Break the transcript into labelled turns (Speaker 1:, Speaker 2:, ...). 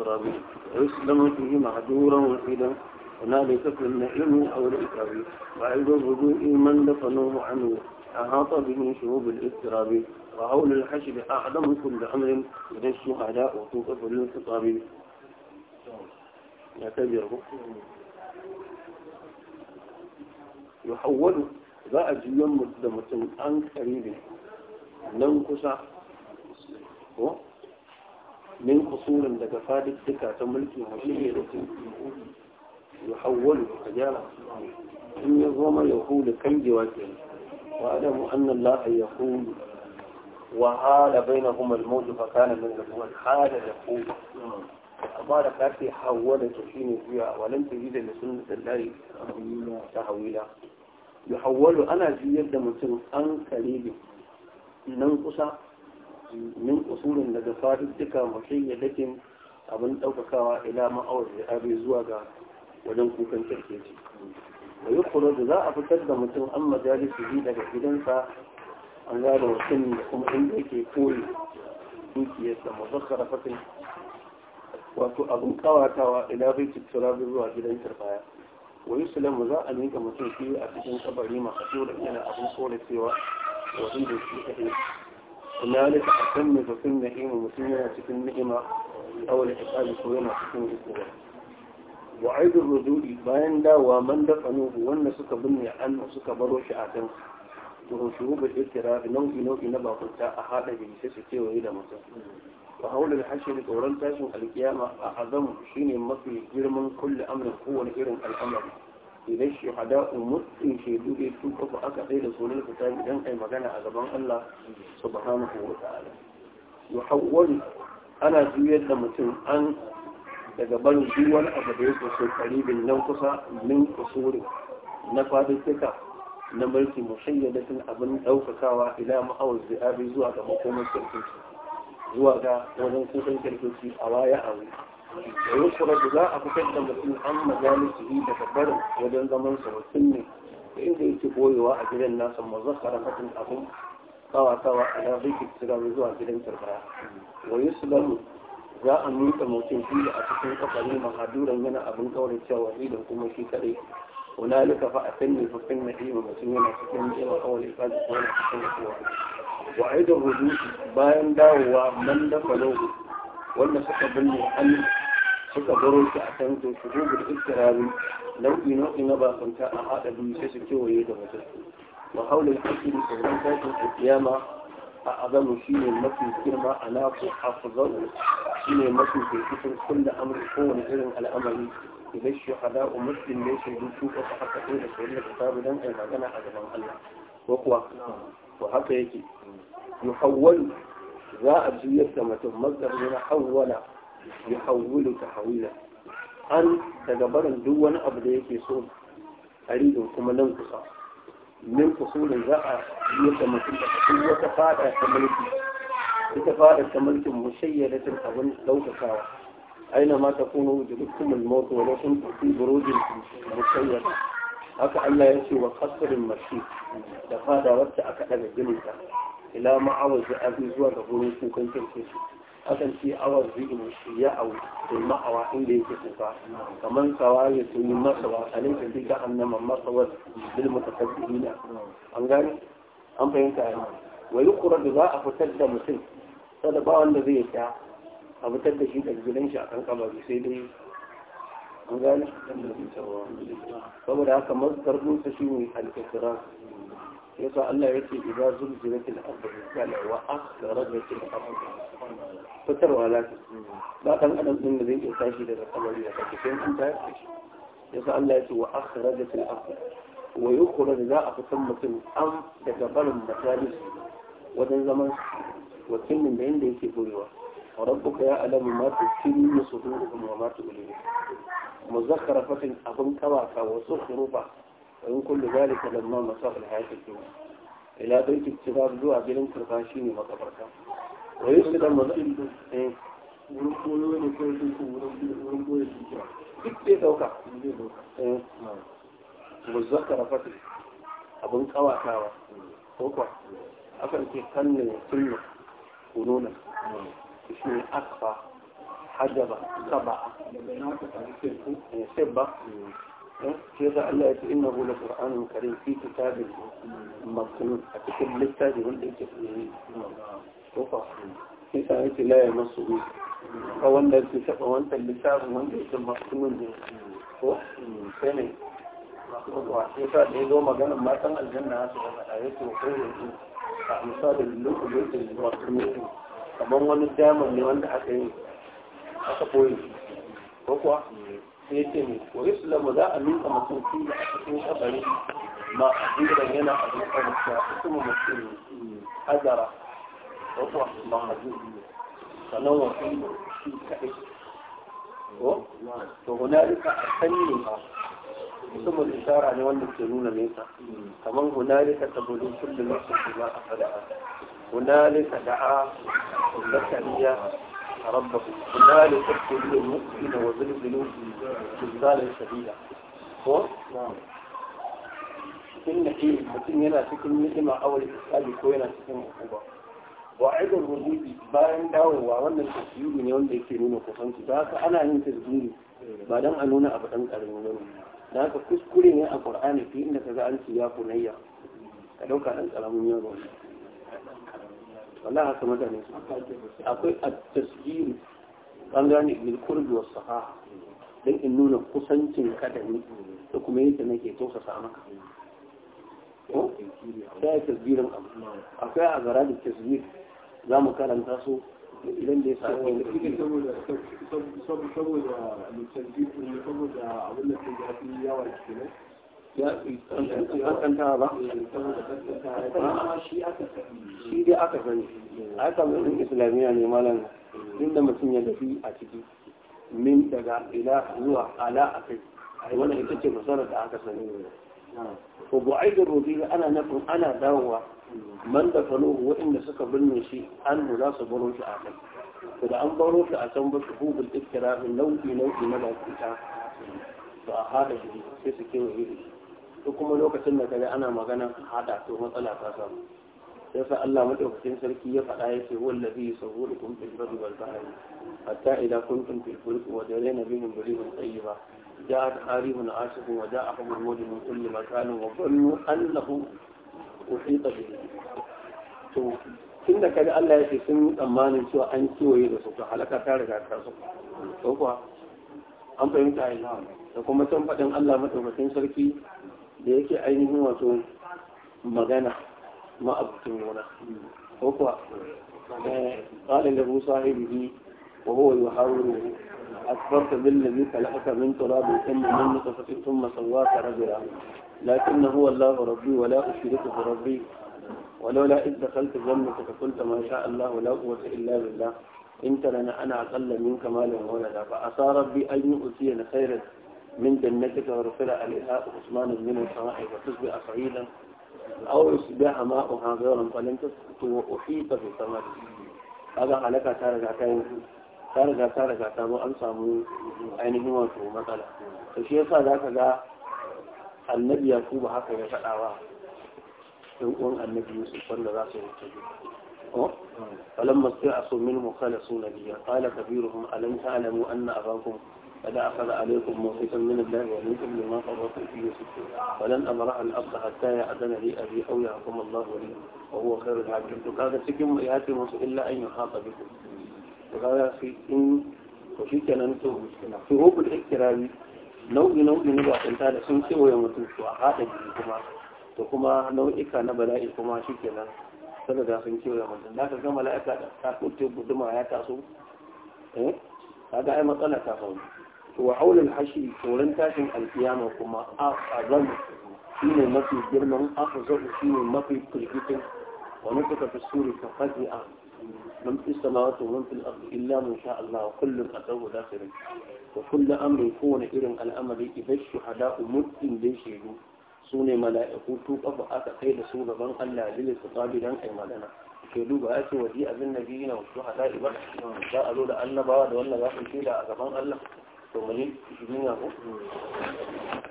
Speaker 1: الترابي ويسلم فيه مهجورا وفدا هنالك في النعيم أو الإكرام وعيد الرجوع من دفنوه عنه أحاط به شهوب الاضطراب وعول الحشد أعظم كل أمر من الشهداء وتوقف للخطاب يعتبره يحول ذا a مقدمة عن قريب an kare من قصور لك فادك تكا تملك وشيء يحول حجارة إن يظلم يقول كم جواك وأعلم أن الله يقول وحال بينهما الموت فكان من هو الحال يقول أبارة كاتي حول تحين فيها ولم تجد لسنة الله تحويلا يحول أنا زيادة من سنة أنك ليلي ننقص min usulun daga fadudduka muhayyadatin abin ɗaukakawa ila ma'awar da zuwa ga wajen kukan kirkeci da yi kuro da za a fitar da mutum an majalisi bi daga gidansa an gada mutum da kuma inda yake koyi dukiyarsa mazakara fatin wato abin kawatawa ila bai cittura bi zuwa gidan turbaya wani sulamu za a ninka mutum fiye a cikin kabari masu yana abin tsoracewa wajen da shi kaɗai هنالك أتم فكن نعيم ومسلمين تكن نعمة أو الإحقاد كوينة تكن إسلام وعيد الرجول باين دا ومن دفنوه وأن سك بني عن سك بروش آتن وهو شروب الاضطراب نوعي نوعي نبا قلتا أحادا بمسيسة كيو إلى مصر وحول الحشر قرن القيامة أعظم شيني مصري جرم كل أمر هو الإرم الأمر idan shahada umur in shaidu dai su uku aka tsaye da sunan fita idan ai magana a gaban Allah subhanahu wa ta'ala yuhawwalu ana juyar da mutum an daga barin duk wani abu da yake so karibin nan kusa min kusuri na fadistika na mulki mushayyadatin abin daukakawa ila ma'awar zi'abi zuwa ga makomar kirkirki zuwa ga wajen kusan kirkirki a waya a wuri da yukura za a fitar da mutum an majalisi yi daga barin wajen zaman sa mutum ne da inda yake boyewa a gidan nasa mazakara fatin abin kawatawa a nan rikin tsirarai zuwa gidan tarbaya wa yusulamu za a miƙa mutum fiye a cikin kafari mahaduran yana abin kawai cewa idan kuma shi kaɗai yana فأتني فكن نعيم مسلمين فكن إلى أول إفاد وعيد الرجوع باين dafa من دفلوه suka binne عن suka baro shi a kan to su da ikirari nau'i nau'i na bakanta a haɗa biyu sai su kewaye da mutum wa haula yake da sauran tashin alkiyama a azamu shi ne mafi girma a naku a fuzaru shi ne mafi kirkitin kulla amur kowane irin al'amari idan shi hada umarcin ne shi rutu ko ta haka ɗaya da sauran da ta don ai magana a gaban Allah ko kuwa to haka yake yuhawwalu za a juyar da mutum mazdar yana hawwala يحول تحويلا هل تجبر دون أبدا يكسون أريد كما ننقص من فصول زاء يتمثل قوة فاعل التملك يتفاعل التملك مشيدة أظن لو تكاوى أينما تكون وجدكم الموت ولكم في بروج مشيدة أكا لا يسي وقصر المشيد لقد أردت أكا أبدا جنيتا إلى معاوز أبي زوار غنوكو كنت تنسيسي kasance a wanzu in shi ya au da ma'awa inda yake tsufa kamar sawa ya tuni masa wa alin ka fi jahannama masa wa bil mutakabbirina an gane an fahimta ya wa kura da za a fitar da mutum sada ba wanda zai ta a fitar da shi da gidan shi a kan kamar sai dai an gane saboda haka masu dusa shi ne al yasa Allah ya ce idza zulzilatil ardu zilzalaha wa akhrajatil ardu fitarwa lafi ba dan adam din da zai iya tashi daga kabari da kake sai an tayar da shi yasa Allah ya ce wa akhrajatil ardu wa yukhraj za a fitar mutum am daga barin majalis wajen zaman wakilin da inda yake burewa وربك يعلم ما تكن Mu وما تؤلمون مذكرة فتن أبن كواكا وسخروا وإن كل ذلك لما مساق الحياة الدنيا إلى بيت التراب ذو أجل كرقاشين وقبرك ويسلم المسجد wurin koyo ne kawai sai ko wurin koyo shi duk zai dauka zai dauka muzakkara fatin abin kawatawa ko kwa akan ce kanne sunna kununa shi ne akfa hajaba saba sai ba shi yasa Allah ya ce innahu la qur'anun karim fi kitabin maknun a cikin littafi wanda yake tsaye to fa shi sa yake la ya masu ka wanda yake taba wannan littafin wanda yake maknun ne ko sai ne shi yasa da ya zo ma san aljanna su ga fada yake ko kai ne a misalin lokacin da maknun kamar wani diamond ne wanda aka yi aka koyi ko kuwa sai ce mai wa islamu za a nuna mutum fi a cikin kabari ma a jirgin yana a jirgin kuma a cikin mutum hadara ko kuwa ma a jirgin sannan wa fi shi kaɗai ko to hunalika a sanyi ba musamman isara ne wanda ke nuna nesa kamar hunalika ta gudu kullum su ma a fada'a hunalika da'a zakariya ربكم ذلك الكل المؤمن وزلزلوا زلزالا شديدا ko da ke mutum yana cikin ni'ima awal misali ko yana cikin hukuma wa aidar rububi bayan dawowa wannan tasiri ne wanda yake nuna kusanci da haka ana yin tasiri ba dan a nuna abu dan karamin ne da haka kuskure ne a qur'ani fi inda kaga an ci ya kunayya ka dauka dan karamin yaro wallahi haka mutane su akwai at-tasjiru an gane bil qurbi was sahaha dan in nuna kusancin ka da ni da kuma yadda nake tausasa maka ko yi tasbirin abu akwai a gara da tasbir za mu karanta su idan da ya sa wani saboda saboda abin da ke yawa kenan ya kanta ba shi dai aka sani a kamar islamiyya ne malam inda mutum ya tafi a ciki min daga ila zuwa ala a kai wannan ita ce masarar da aka sani ko bu ai da rubi ana nufin ana dawowa man da fano waɗanda suka binne shi an za su baro shi a kai to da an baro shi a can ba su hubul iftira nau'i nau'i na lafiya Ba a hada shi sai su kewaye da shi to kuma lokacin da kaga ana magana hada to matsala ta samu sai sa Allah madaukakin sarki ya faɗa yake wallazi yusawwirukum fil barri wal bahri hatta idza kuntum fil fulk wa jarayna bihim rihun tayyiba wa ja'a عاشق وجاءهم min kulli makanin wa وظنوا annahu uhita bihi to tunda da kaga Allah ya ce sun tsammanin cewa an kiwaye da su to halaka ta riga ta su ko kuwa an fahimta ai da kuma can faɗin Allah madaukakin sarki da yake ainihin wato magana ma'abutun nuna ko eh, da musa ya yi wa wawai wa haruru a tsarta bin da zika la'aka min da ya kan nuna ta fi tun masarwa ta rabira lakin na huwa Allah rabbi wa la'a shi rabbi wa laula in da kalta zanna ta kafinta ma sha Allah wa illa billah in tara ana a ƙalla min kamalin wani da ba a sa rabbi an yi usiyar khairar من جنتك ورفل عليها عثمان من الصواحب وتصبح صعيدا أو يصبح ماؤها غيرا فلن تسقط وأحيط بثمر هذا عليك تارك عتاين تارك تارك عتاين وانسى من عينه وفيه مثلا الشيخ ذاك ذا النبي يكوب حقا يفعل يقول النبي يوسف صلى الله عليه وسلم فلما استعصوا منهم خلصوا نبيا قال كبيرهم ألم تعلموا أن أباكم قد أخذ عليكم موثقا من الله ومنكم لما فرطوا في يوسف ولن أبرح الأرض حتى يأذن لي أبي أو يحكم الله لي وهو خير الحاكم فقال سكم يأتي إلا أن يحاط بكم فقال في إن وفي كلام في هو الإكرامي nau'i nau'i na bakunta da sun kewaye mutum su a haɗa jiki kuma da kuma nau'ika na bala'i sun kewaye mutum da ka ga mala'ika da ta kuce guduma ya taso eh kaga ai matsala ta faru wa aulin hashi tsoron tashin alkiyama kuma a azan mafi girman a azan mafi kulkutun wani suka fi suri ta a man fi sama wata man fi illa mun sha kullum a tsawo dafirin wa kullum amrin kowane irin al'amari idan shi hada umurtin da shi yi su ne mala'iku tu kafa aka kai da su gaban Allah lili su tsabi don kai magana ke duba ya ce wa ji abin biyu na wasu hada ibar da a zo da annabawa da wannan za su da a gaban Allah Somali, je suis venu à